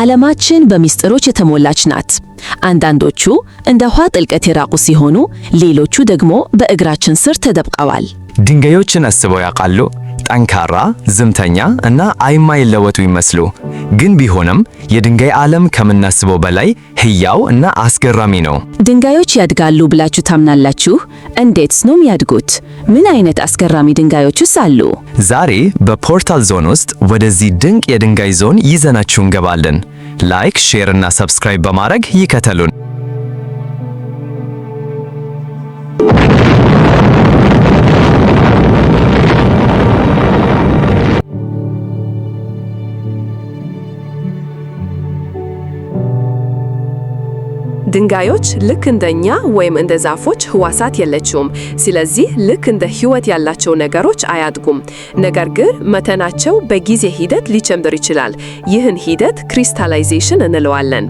ዓለማችን በሚስጥሮች የተሞላች ናት። አንዳንዶቹ እንደ ውሃ ጥልቀት የራቁ ሲሆኑ፣ ሌሎቹ ደግሞ በእግራችን ስር ተደብቀዋል። ድንጋዮችን አስበው ያውቃሉ? ጠንካራ፣ ዝምተኛ እና አይማይለወጡ ይመስሉ ግን ቢሆንም የድንጋይ ዓለም ከምናስበው በላይ ህያው እና አስገራሚ ነው። ድንጋዮች ያድጋሉ ብላችሁ ታምናላችሁ? እንዴትስ ነው የሚያድጉት? ምን አይነት አስገራሚ ድንጋዮችስ አሉ? ዛሬ በፖርታል ዞን ውስጥ ወደዚህ ድንቅ የድንጋይ ዞን ይዘናችሁ እንገባለን። ላይክ፣ ሼር እና ሰብስክራይብ በማድረግ ይከተሉን። ድንጋዮች ልክ እንደኛ ወይም እንደ ዛፎች ህዋሳት የለችውም። ስለዚህ ልክ እንደ ህይወት ያላቸው ነገሮች አያድጉም። ነገር ግን መተናቸው በጊዜ ሂደት ሊጨምር ይችላል። ይህን ሂደት ክሪስታላይዜሽን እንለዋለን።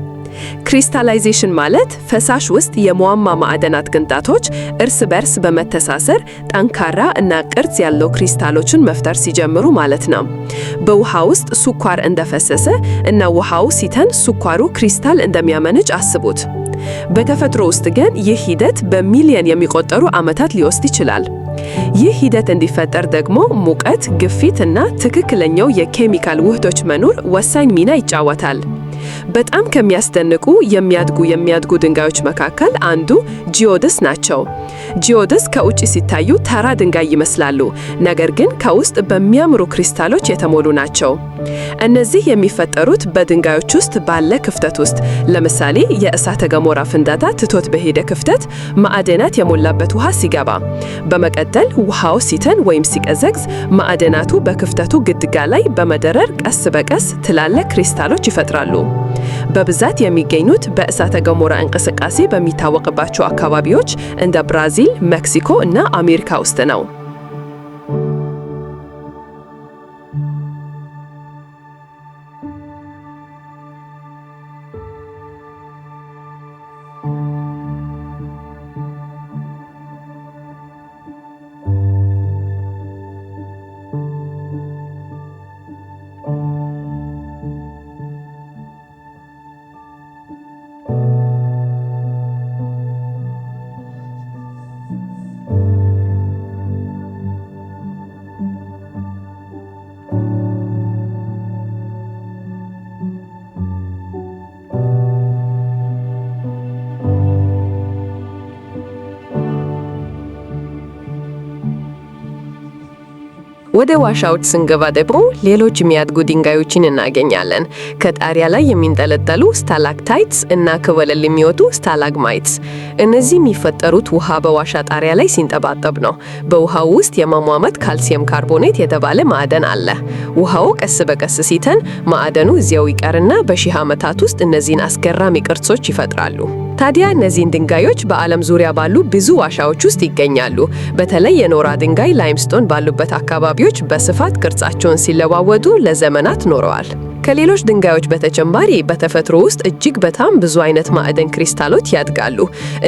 ክሪስታላይዜሽን ማለት ፈሳሽ ውስጥ የመዋማ ማዕድናት ቅንጣቶች እርስ በርስ በመተሳሰር ጠንካራ እና ቅርጽ ያለው ክሪስታሎችን መፍጠር ሲጀምሩ ማለት ነው። በውሃ ውስጥ ስኳር እንደፈሰሰ እና ውሃው ሲተን ስኳሩ ክሪስታል እንደሚያመነጭ አስቡት። በተፈጥሮ ውስጥ ግን ይህ ሂደት በሚሊየን የሚቆጠሩ ዓመታት ሊወስድ ይችላል። ይህ ሂደት እንዲፈጠር ደግሞ ሙቀት፣ ግፊት እና ትክክለኛው የኬሚካል ውህዶች መኖር ወሳኝ ሚና ይጫወታል። በጣም ከሚያስደንቁ የሚያድጉ የሚያድጉ ድንጋዮች መካከል አንዱ ጂኦድስ ናቸው። ጂኦድስ ከውጭ ሲታዩ ተራ ድንጋይ ይመስላሉ፣ ነገር ግን ከውስጥ በሚያምሩ ክሪስታሎች የተሞሉ ናቸው። እነዚህ የሚፈጠሩት በድንጋዮች ውስጥ ባለ ክፍተት ውስጥ ለምሳሌ የእሳተ ገሞራ ፍንዳታ ትቶት በሄደ ክፍተት ማዕድናት የሞላበት ውሃ ሲገባ፣ በመቀጠል ውሃው ሲተን ወይም ሲቀዘግዝ ማዕድናቱ በክፍተቱ ግድጋ ላይ በመደረር ቀስ በቀስ ትላልቅ ክሪስታሎች ይፈጥራሉ። በብዛት የሚገኙት በእሳተ ገሞራ እንቅስቃሴ በሚታወቅባቸው አካባቢዎች እንደ ብራዚል፣ ሜክሲኮ እና አሜሪካ ውስጥ ነው። ወደ ዋሻዎች ስንገባ ደግሞ ሌሎች የሚያድጉ ድንጋዮችን እናገኛለን። ከጣሪያ ላይ የሚንጠለጠሉ ስታላክታይትስ እና ከወለል የሚወጡ ስታላግማይትስ። እነዚህ የሚፈጠሩት ውሃ በዋሻ ጣሪያ ላይ ሲንጠባጠብ ነው። በውሃው ውስጥ የማሟመት ካልሲየም ካርቦኔት የተባለ ማዕደን አለ። ውሃው ቀስ በቀስ ሲተን ማዕደኑ እዚያው ይቀርና በሺህ ዓመታት ውስጥ እነዚህን አስገራሚ ቅርሶች ይፈጥራሉ። ታዲያ እነዚህን ድንጋዮች በዓለም ዙሪያ ባሉ ብዙ ዋሻዎች ውስጥ ይገኛሉ። በተለይ የኖራ ድንጋይ ላይምስቶን ባሉበት አካባቢዎች በስፋት ቅርጻቸውን ሲለዋወጡ ለዘመናት ኖረዋል። ከሌሎች ድንጋዮች በተጨማሪ በተፈጥሮ ውስጥ እጅግ በጣም ብዙ አይነት ማዕደን ክሪስታሎች ያድጋሉ።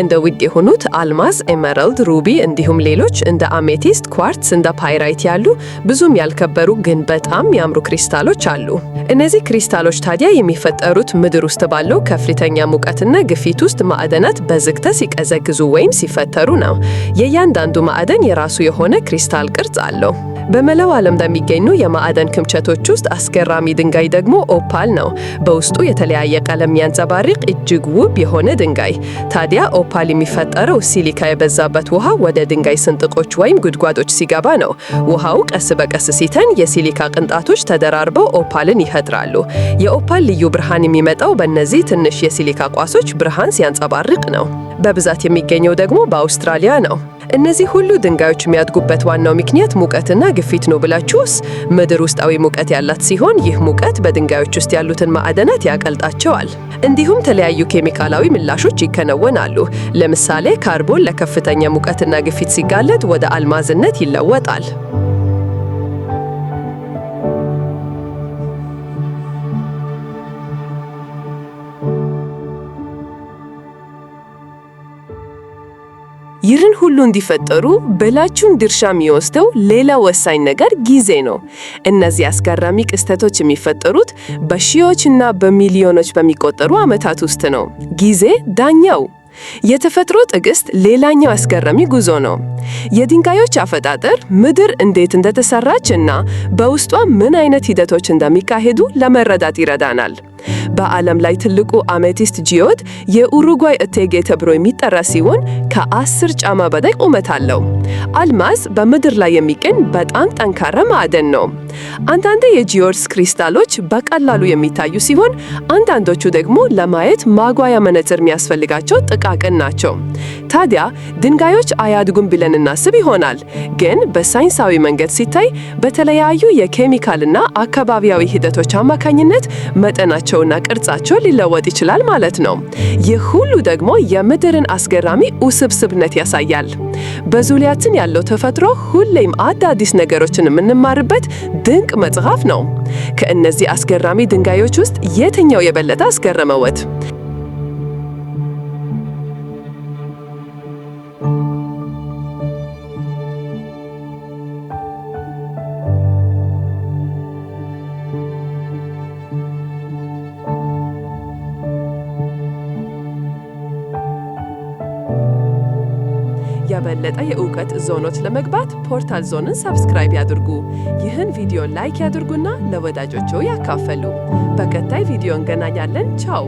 እንደ ውድ የሆኑት አልማዝ፣ ኤመራልድ፣ ሩቢ እንዲሁም ሌሎች እንደ አሜቲስት፣ ኳርትስ፣ እንደ ፓይራይት ያሉ ብዙም ያልከበሩ ግን በጣም ያምሩ ክሪስታሎች አሉ። እነዚህ ክሪስታሎች ታዲያ የሚፈጠሩት ምድር ውስጥ ባለው ከፍተኛ ሙቀትና ግፊት ውስጥ ማዕደናት በዝግታ ሲቀዘግዙ ወይም ሲፈተሩ ነው። የእያንዳንዱ ማዕደን የራሱ የሆነ ክሪስታል ቅርጽ አለው። በመላው ዓለም በሚገኙ የማዕደን ክምችቶች ውስጥ አስገራሚ ድንጋይ ደግሞ ኦፓል ነው። በውስጡ የተለያየ ቀለም የሚያንጸባርቅ እጅግ ውብ የሆነ ድንጋይ። ታዲያ ኦፓል የሚፈጠረው ሲሊካ የበዛበት ውሃ ወደ ድንጋይ ስንጥቆች ወይም ጉድጓዶች ሲገባ ነው። ውሃው ቀስ በቀስ ሲተን የሲሊካ ቅንጣቶች ተደራርበው ኦፓልን ይፈጥራሉ። የኦፓል ልዩ ብርሃን የሚመጣው በእነዚህ ትንሽ የሲሊካ ቋሶች ብርሃን ሲያንጸባርቅ ነው። በብዛት የሚገኘው ደግሞ በአውስትራሊያ ነው። እነዚህ ሁሉ ድንጋዮች የሚያድጉበት ዋናው ምክንያት ሙቀትና ግፊት ነው ብላችሁስ? ምድር ውስጣዊ ሙቀት ያላት ሲሆን ይህ ሙቀት በድንጋዮች ውስጥ ያሉትን ማዕድናት ያቀልጣቸዋል። እንዲሁም ተለያዩ ኬሚካላዊ ምላሾች ይከናወናሉ። ለምሳሌ ካርቦን ለከፍተኛ ሙቀትና ግፊት ሲጋለጥ ወደ አልማዝነት ይለወጣል። ይህን ሁሉ እንዲፈጠሩ በላችሁን ድርሻ የሚወስደው ሌላ ወሳኝ ነገር ጊዜ ነው። እነዚህ አስገራሚ ክስተቶች የሚፈጠሩት በሺዎችና በሚሊዮኖች በሚቆጠሩ ዓመታት ውስጥ ነው። ጊዜ ዳኛው የተፈጥሮ ትዕግስት ሌላኛው አስገራሚ ጉዞ ነው። የድንጋዮች አፈጣጠር ምድር እንዴት እንደተሰራች እና በውስጧ ምን አይነት ሂደቶች እንደሚካሄዱ ለመረዳት ይረዳናል። በዓለም ላይ ትልቁ አሜቲስት ጂኦድ የኡሩጓይ እቴጌ ተብሎ የሚጠራ ሲሆን ከአስር ጫማ በላይ ቁመት አለው። አልማዝ በምድር ላይ የሚገኝ በጣም ጠንካራ ማዕደን ነው። አንዳንድ የጂኦድስ ክሪስታሎች በቀላሉ የሚታዩ ሲሆን፣ አንዳንዶቹ ደግሞ ለማየት ማጓያ መነጽር የሚያስፈልጋቸው ጥቃቅን ናቸው። ታዲያ ድንጋዮች አያድጉም ብለን እናስብ ይሆናል። ግን በሳይንሳዊ መንገድ ሲታይ በተለያዩ የኬሚካልና አካባቢያዊ ሂደቶች አማካኝነት መጠናቸው መልካቸውና ቅርጻቸው ሊለወጥ ይችላል ማለት ነው። ይህ ሁሉ ደግሞ የምድርን አስገራሚ ውስብስብነት ያሳያል። በዙሪያችን ያለው ተፈጥሮ ሁሌም አዳዲስ ነገሮችን የምንማርበት ድንቅ መጽሐፍ ነው። ከእነዚህ አስገራሚ ድንጋዮች ውስጥ የትኛው የበለጠ አስገረመዎት? በበለጠ የእውቀት ዞኖች ለመግባት ፖርታል ዞንን ሰብስክራይብ ያድርጉ። ይህን ቪዲዮ ላይክ ያድርጉና ለወዳጆቸው ያካፈሉ። በቀጣይ ቪዲዮ እንገናኛለን። ቻው